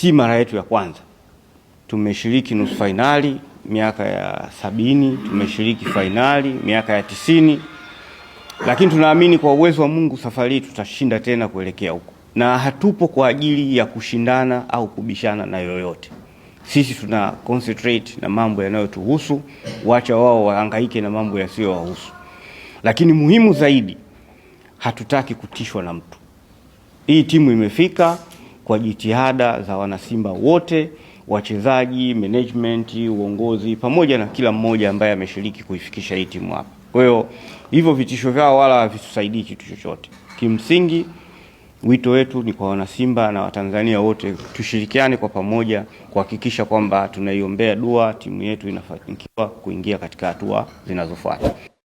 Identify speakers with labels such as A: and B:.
A: si mara yetu ya kwanza. Tumeshiriki nusu fainali miaka ya sabini, tumeshiriki fainali miaka ya tisini, lakini tunaamini kwa uwezo wa Mungu safari hii tutashinda tena kuelekea huko, na hatupo kwa ajili ya kushindana au kubishana na yoyote. Sisi tuna concentrate na mambo yanayotuhusu, wacha wao wahangaike na mambo yasiyowahusu. Lakini muhimu zaidi, hatutaki kutishwa na mtu. Hii timu imefika kwa jitihada za wanasimba wote, wachezaji, management, uongozi pamoja na kila mmoja ambaye ameshiriki kuifikisha hii timu hapa. Kwa hiyo hivyo vitisho vyao wala havitusaidii kitu chochote. Kimsingi, wito wetu ni kwa wanasimba na Watanzania wote tushirikiane kwa pamoja kuhakikisha kwamba tunaiombea dua timu yetu inafanikiwa kuingia katika hatua zinazofuata.